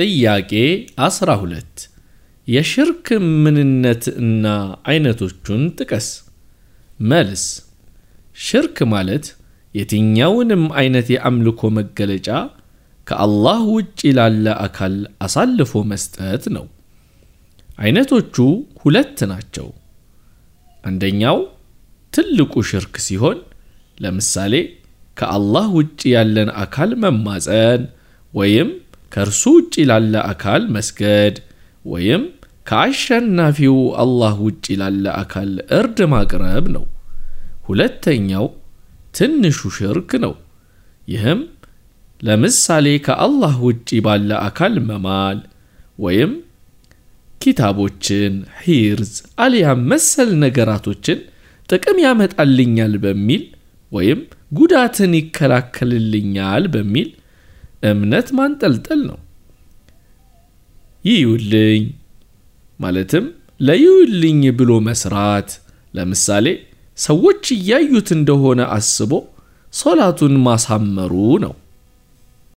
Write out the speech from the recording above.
ጥያቄ 12 የሽርክ ምንነት እና አይነቶቹን ጥቀስ። መልስ ሽርክ ማለት የትኛውንም አይነት የአምልኮ መገለጫ ከአላህ ውጭ ላለ አካል አሳልፎ መስጠት ነው። አይነቶቹ ሁለት ናቸው። አንደኛው ትልቁ ሽርክ ሲሆን ለምሳሌ ከአላህ ውጭ ያለን አካል መማፀን ወይም ከእርሱ ውጭ ላለ አካል መስገድ ወይም ከአሸናፊው አላህ ውጭ ላለ አካል እርድ ማቅረብ ነው። ሁለተኛው ትንሹ ሽርክ ነው። ይህም ለምሳሌ ከአላህ ውጪ ባለ አካል መማል ወይም ኪታቦችን፣ ሂርዝ አሊያም መሰል ነገራቶችን ጥቅም ያመጣልኛል በሚል ወይም ጉዳትን ይከላከልልኛል በሚል እምነት ማንጠልጠል ነው። ይዩልኝ ማለትም ለይዩልኝ ብሎ መስራት። ለምሳሌ ሰዎች እያዩት እንደሆነ አስቦ ሶላቱን ማሳመሩ ነው።